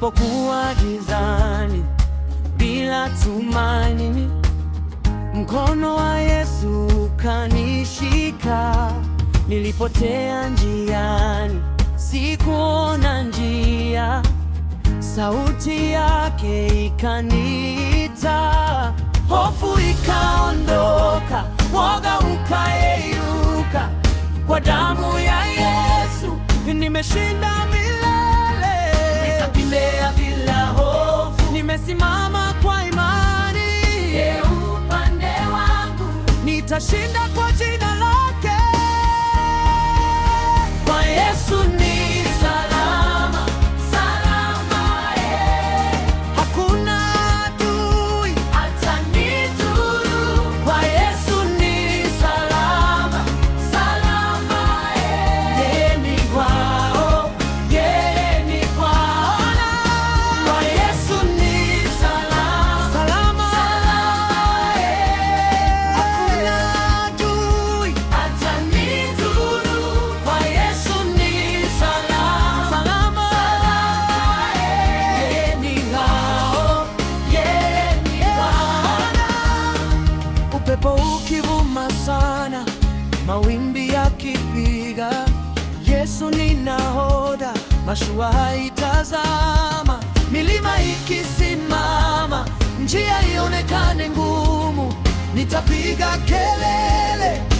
Nilipokuwa gizani bila tumaini, mkono wa Yesu ukanishika. Nilipotea njiani, sikuona njia, sauti yake ikaniita. Hofu ikaondoka, woga ukayeyuka, kwa damu ya Yesu nimeshinda Tutashinda kwa jina lake, kwa Yesu. mashua itazama, milima ikisimama, njia ionekane ngumu, nitapiga kelele